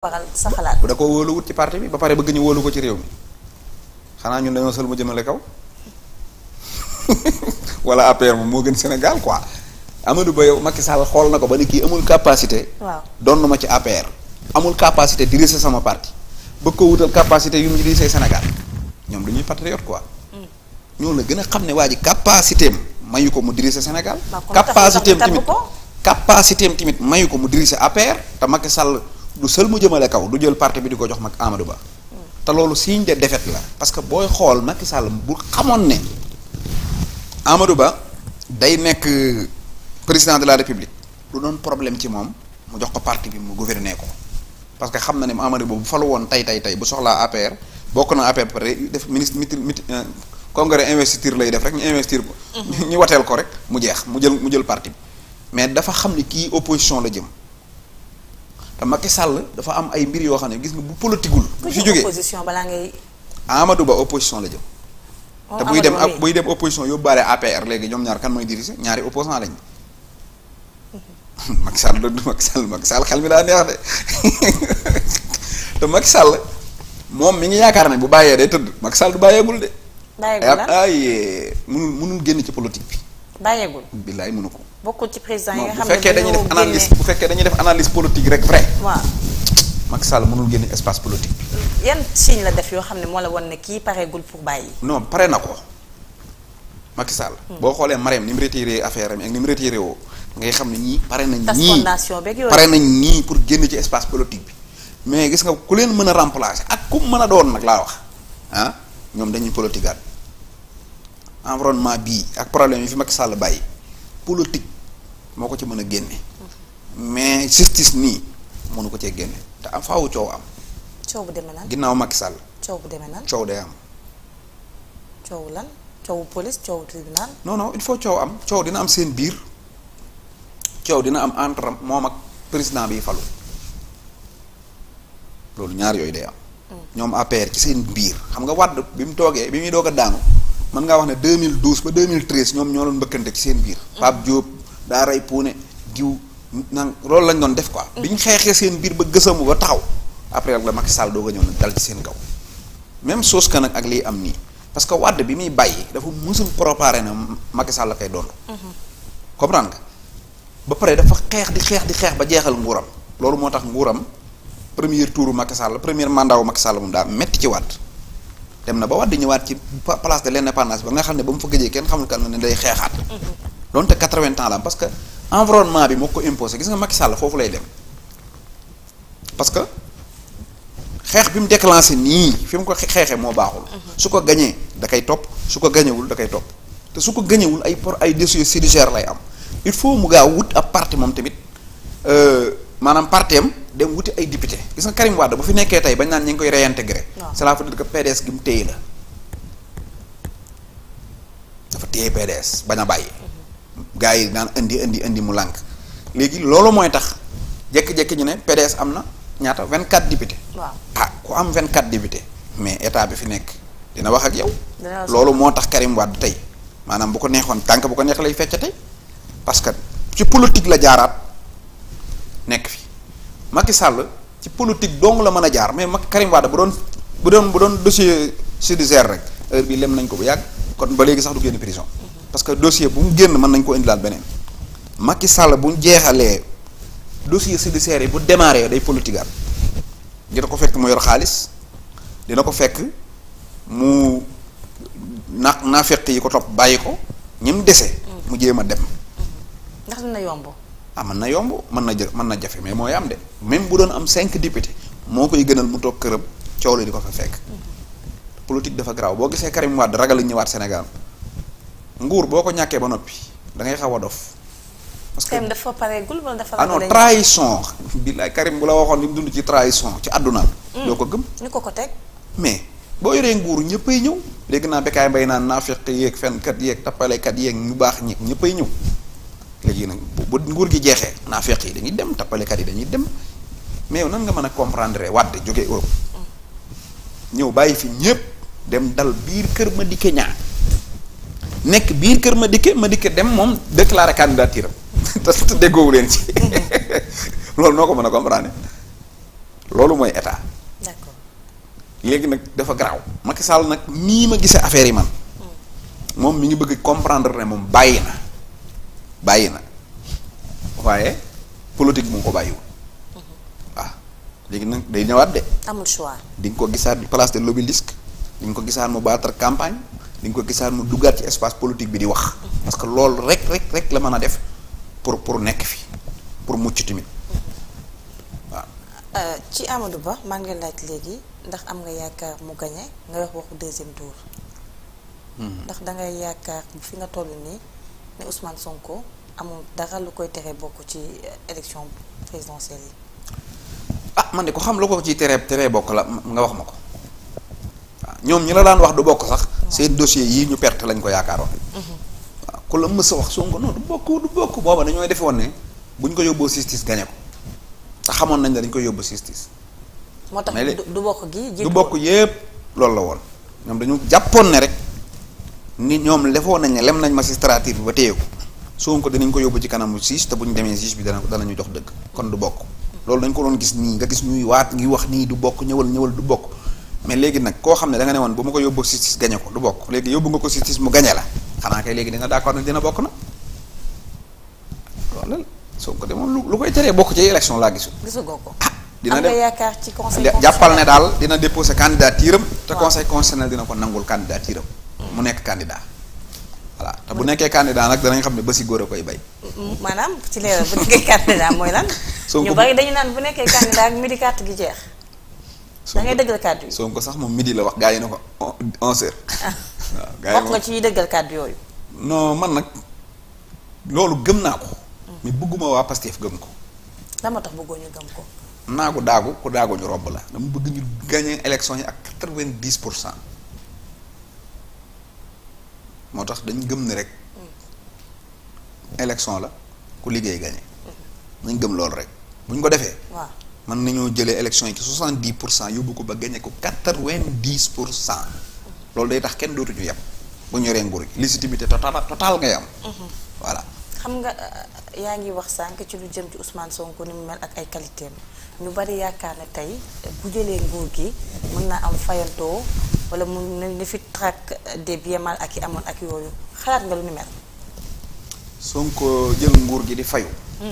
waral sa xalaat. da ko wóoluwut ci parti bi ba pare bëgg ñu wóolu ko ci réew mi xanaa ñun dañoo sël mu jëmale kaw wala APR moom moo gën Sénégal quoi Amadou Ba yow Macky Sall xool na ko ba ni kii amul capacité. waaw doon na ma ci APR. amul capacité diriger sama parti bëgg ko wutal capacité yu mu diriger Sénégal ñoom dañuy patriote quoi. Mm. ñoo la gën a xam ne waa ji capacité am mayu ko mu diriger Sénégal. capacité am tamit capacité am tamit mayu ko mu diriger APR te Macky Sall. du sël mu jëmale kaw du jël parti bi di ko jox mag Amadou Ba. te loolu signe de defet la parce que booy xool Macky Sall bu xamoon ne Amadou Ba day nekk président de la République lu doon problème ci moom mu jox ko parti bi mu gouverner ko parce que xam na ne Amadou Ba bu falu woon tey tey tey bu soxlaa APR bokk na APR pare def ministre miti miti euh, congrès investiture lay def rek ñu investir ko. Mhm. ñu wateel ko rek mu jeex mu jël mu jël parti bi mais dafa xam ne kii opposition la jëm. te Macky Sall dafa am ay mbir yoo xam ne gis nga bu politigul bu si jógee opposition balaa ngay. Amadou Ba opposition la jëm. Oh, te buy dem ak buy dem opposition yóbbaale APR léegi ñoom ñaar kan mooy diriger ñaari opposant lañ. Macky Sall dëgg Macky Sall Macky Sall xel mi daa neex de te Macky Sall moom mi ngi yaakaar ne bu bàyyee day tëdd Macky Sall du bàyyeegul de. bàyyeegul ay mënul mënul génn ci politique bi. bàyyeegul. billaay mënu ko. bokkul ci président yi nga xam ne bu fekkee dañuy def analyse bu fekkee dañuy def analyse politique rek vrai. waaw. Macky Sall mënul génn espace politique. yan signe la def yoo xam ne moo la wan ne kii pareegul pour bàyyi. non pare na ko Macky Sall. Hmm. boo xoolee Marème ni mu retiré affaire am ak ni mu retiré woo ngay xam ne ñii pare nañ. ñii fondation beeg yooyu pare nañ ñii pour génn ci espace politique bi. mais gis nga ku leen mën a remplacer ak ku mën a doon nag laa wax ah ñoom dañuy politikaat. environnement bii ak problème yi fi Macky Sall bàyyi politique moo ko ci mën a génne mais justice nii mënu ko cee génne te am faawu coow am. coow bu demee lan ginnaaw Macky Sall. coow bu demee lan coow day am. coow lan coow police coow tribunal. non il faut coow am coow dina am seen biir coow dina am entre moom ak président bi falu loolu ñaar yooyu day am. Mm. ñoom APR ci seen biir xam nga wàdd bi mu toogee bi muy doog a daanu. mën ngaa wax ne 2012 ba 2013 ñoom ñoo doon mbëkkante ci seen biir. Pape Diop daa rey poone diw nang loolu lañ doon def quoi. Mm. bi ñu xeexee seen biir ba gësamu ba taxaw après nag la Macky Sall doog a ñëw nag dal ci seen kaw même chose ka nag ak liy am nii parce que Wade bi muy bàyyi dafa mësul préparé na Macky Sall fay koy doon. Mm-hmm. comprendre nga ba pare dafa xeex di xeex di xeex ba jeexal nguuram loolu moo tax nguuram premier tour Macky Sall premier mandat wu Macky Sall moom daa metti ci dem na ba wadd ñëwaat ci place de l'indépendance ba nga xam ne ba mu fa gëjee kenn xamul kan ne day xeexaat mm-hmm. doonte quatre-vingts ans la am parce que environnement bi moo ko imposé gis nga Macky Sall foofu lay dem parce que xeex bi mu déclenché nii fi mu ko xeexee moo baaxul mm-hmm. su ko gañee da koy topp su ko gañewul da koy topp te su ko gañewul ay pour ay dossier judiciaire lay am il faut mu gaaw wut ab parti moom tamit euh, maanaam parti am dem wuti ay député gis nga Karim Wade bu fi nekkee tey bañ naan ñu ngi koy réintégré. waaw cela veut dire que PDS gi mu téye la dafa téye PDS bañ a bàyyi. Mhm. gars yi naan indi indi indi mu lànk léegi loolu mooy tax jékki-jékki ñu ne PDS am na ñaata 24 député. waaw ah ku am vingt 24 député mais état bi fi nekk dina wax ak yow. loolu moo tax Karim Wade tey maanaam bu ko neexoon tànk bu ko neex lay fecce tey parce que ci politique la jaaraat nekk fi. Macky Sall ci politique dong la mën a jaar mais Macky Karim Wade bu doon bu doon bu doon dossier judiciaire rek heure bi lem nañ ko bu yàgg kon ba léegi sax du génn prison parce que dossier bu mu génn mën nañ ko indilaat beneen makki Sall bu jeexalee dossier judiciaire yi bu démarré day politikaat dina ko fekk mu yor xaalis dina ko fekk mu na naa fekk yi ko topp bàyyi ko ñim dese mu jéem a dem ndax dina yomb ah mën na yomb mën na jë mën na jafe mais mooy am de même bu doon am cinq députés moo koy gënal mu toog këram coow la di ko fa fekk. Mm-hmm. politique dafa garaaw boo gisee Karim Wade ragal a ñëwaat Sénégal nguur boo ko ñàkkee ba noppi da ngay xaw a dof. parce que dafa pareegul wala dafa. ah non trahison. billaay Karim bu la waxoon li mu ci trahison ci àdduna mm. doo ko gëm. ñu ko ko teg. mais boo yoree nguur ñëppay ñëw. dégg naa Bécaye Mbaye naan naafiq yeeg fenkat yeeg tappalekat yeeg ñu baax ñi ñëppay ñëw. léegi nag bu nguur gi jeexee naa feq yi dañuy dem tappalekat yi dañuy dem mais nan nga mën a comprendre wàdd jógee Europe ñëw bàyyi fi ñëpp dem dal biir kër ma dikke ñaa nekk biir kër ma dikke ma dikke dem moom déclaré candidature am te déggoowu leen ci loolu noo ko mën a comprendre loolu mooy état d'accord léegi nag dafa garaaw Macky Sall nag nii ma gisee affaire yi man hmm. moom mi ngi bëgg comprendre ne moom bàyyi na bàyyi na waaye politique mu ngi ko bàyyiwul mhm. waaw léegi nag day ñëwaat de. amul choix di nga ko gisaat place de l'Obélisque di nga ko gisaat mu battre campagne di nga ko gisaat mu duggaat ci espace politique bi di wax. Mhm. parce que loolu rek rek rek la mën a def pour pour nekk fi pour mucc tamit mhm. waaw. Euh, ci Amadou Ba maa ngi laaj léegi ndax am nga yaakaar mu gagné nga wax waxu deuxième tour. Hmm. ndax da ngay yaakaar fi nga toll nii. ne Ousmane Sonko amul dara lu koy tere bokk ci élection présidentielle yi. ah man de ko xam lu ko ci tere tere bokk la nga wax ma ko waaw ah, ñoom ñi la daan wax du bokk sax. seen dossier yi ñu perte lañ ko yaakaaroon. waaw mhm. ah, ku la mës a wax Sonko non du bokk du bokk booba ko yóbboo justice gañe ko xamoon nañ ne ko yóbbu justice. moo tax du bokk bokk yépp loolu la woon ñoom dañu jàppoon ne rek. ni ñoom defoon nañ ne lem nañ magistrature bi ba téye ko Sonko dinañ ko yóbbu ci kanamu siis te bu ñu demee siis bi dana danañu jox dëgg kon du bokk loolu dañ ko doon gis nii nga gis ñuy waat ngi wax nii du bokk ñëwal ñëwal du bokk mais léegi nag koo xam ne da nga woon bu ma ko yóbbu siis gañe ko du bokk léegi yóbbu nga ko siis mu gañe la xanaa kay léegi di nga d'accord ne dina bokk na loolu lu koy teree bokk ci élection laa gisul ah, dina dem yaakaar ci conseil jàppal ne daal dina déposer candidature am te conseil constitutionnel dina ko nangul candidature am mu nekk candidat voilà te bu nekkee candidat nag danañ xam ne ba si góor a koy bay. maanaam ci leeral bu nekkee candidat mooy lan. ñu bari dañu naan bu nekkee candidat ak midi carte gi jeex. da ngay dëggal kàddu yi Sonko sax moom midi la wax gaa yi ne ko on heures. Ah. waaw gaa yi wax nga ci dëggal kàddu yooyu. non man nag loolu gëm naa ko. Mm. mais bëgguma waa Pastef gëm ko. dama tax bëggoo ñu gëm ko. naa naagu daagu ku daagu ñu romb la dama bëgg ñu gagné élection yi ak quatre-vingt-dix pour cent. moo tax dañ gëm ni rek élection la ku liggéey gagné mm-hmm. nañ gëm loolu rek bu ko defee mën nañoo jëlee élection yi ci soixante dix pour cent yóbbu ko ba gagné ko quatre vingt dix pour cent loolu day tax kenn dootuñu yem bu ñu yoree nguur gi légitimité totale totale ngay am mm-hmm. voilà xam nga euh, yaa ngi wax sànq ci lu jëm ci Ousmane Sonko ni mu mel ak ay qualité ñu bari yaakaar ne tey bu jëlee nguur gi mën naa am fayantoo wala mu ne fi traque des biens mal acquis amoon ak yooyu xalaat nga lu ni mel. Sonko jël nguur gi di fayu. di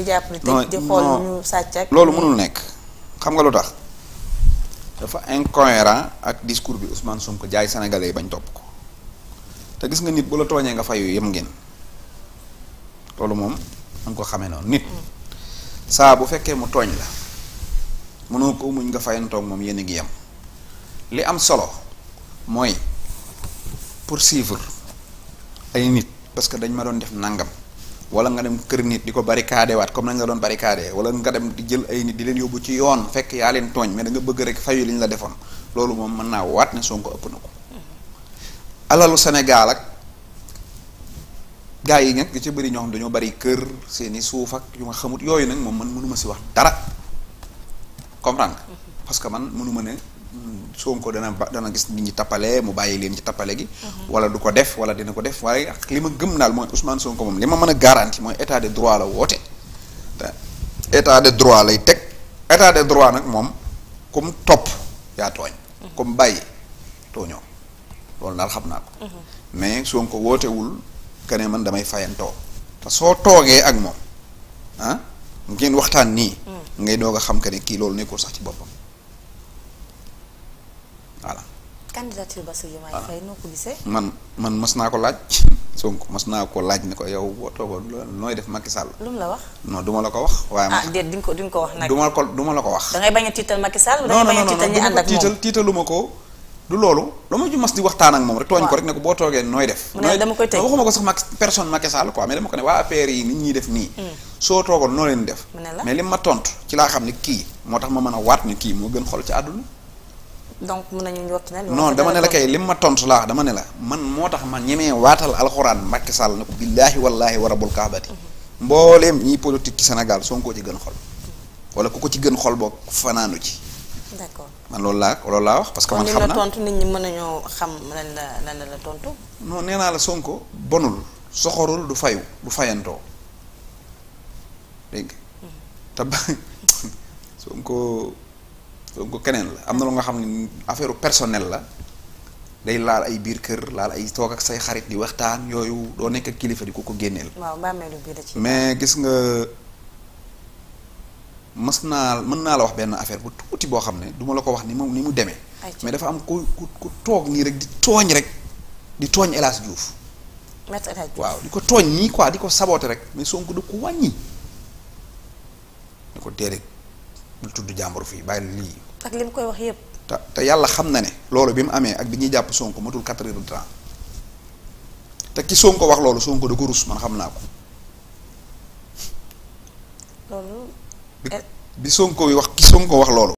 hmm. jàpp di tëj di xool ñu sàcc ak. loolu mënul nekk xam nga lu tax dafa incohérent ak discours bi sun ko jaay sénégalais bañ topp ko te gis nga nit bu la tooñee nga fayu yem ngeen loolu moom danga ko xame noonu nit hmm. saa bu fekkee mu tooñ la mënoo ko muñ nga fayantoog moom yéen a ngi yem. li am solo mooy poursuivre ay nit parce que dañ ma doon def nangam wala nga dem kër nit di ko barricadé waat comme na nga doon barricadé wala nga dem jël ay nit di yóbbu ci yoon fekk yaa leen tooñ mais da nga bëgg rek fayu li ñu la defoon loolu moom mën naa waat ne Sonko ëpp na ko alalu ak gaa yi nag yu ci bëri dañoo bari kër seeni suuf yu ma xamut yooyu nag moom man mënuma si wax dara mm-hmm. man mënuma ne Sonko dana dana gis nit ñi tappale mu bàyyi leen ci tappale gi. wala du ko def wala dina ko def waaye li ma gëm daal mooy Ousmane Sonko moom li ma mën a garanti mooy état de droit la woote. état de droit lay teg état de droit nag moom comme topp yaa tooñ. comme bàyyi tooñoo loolu daal xam naa ko. mais Sonko wootewul que man damay fayantoo te soo toogee ak moom ah waxtaan nii. Mm. ngay doog a xam que ne kii loolu nekkul sax ci boppam. candidature Bassirou Diomaye ah. Faye noo ko gisee. man man mas naa ko laaj Sonko mas naa ko laaj ne ko yow boo toogoon nooy def Macky Sall. lu mu la wax. ma la ko wax. waaye ah ko ko wax nag. du ma ma la ko wax. da a tiital Macky Sall. da ngay bañ a loolu lu ma ju mas di waxtaan ak moom rek tooñ ko rek ne ko boo toogee ñuy def nii hmm. soo toogoon noo leen def mais li ci laa xam ne kii moo tax ma mën a waat ne kii moo gën xol ci àdduna donc mën nañu njort ne. non dama ne la kay lim ma tontu laa dama ne la man moo tax ma ñemee waatal alxuraan Macky Sall ne ko billaahi wallaahi wa rabbul kaabati mhm. mbooleem ñiy politique ci Sénégal Sonko ci gën xol. wala ku ko ci gën xol boog fanaanu ci. d'accord man loolu laa laa parce que man xam na tontu nit ñi mën nañoo xam lan la lan la tontu. non nee naa la Sonko bonul soxorul du fayu du fayantoo dégg nga. Mhm. te Sonko keneen la am na lu nga xam ne affaire personnel la day laal ay biir kër laal ay toog ak say xarit di waxtaan yooyu doo nekk kilifa di ko ko génneel. waaw bàmmeelu bi la ci. mais gis nga mës naa mën naa la wax benn affaire bu boo xam ne du la ko wax ni mu ni mu demee. mais dafa am ku ku ku toog nii rek di tooñ rek di tooñ El Hadj Diouf. waaw di ko tooñ nii quoi di ko saboote rek mais Sonko du ko wàññi. da ko téere bul tudd jàmbur fii bàyyi lii. ak li mu koy wax yëpp. te yàlla xam na ne loolu bi mu amee ak bi ñuy jàpp Sonko matul quatre heures de temps te ki Sonko wax loolu Sonko da ko rus man xam naa ko. bi soo yi wax ki Sonko wax loolu.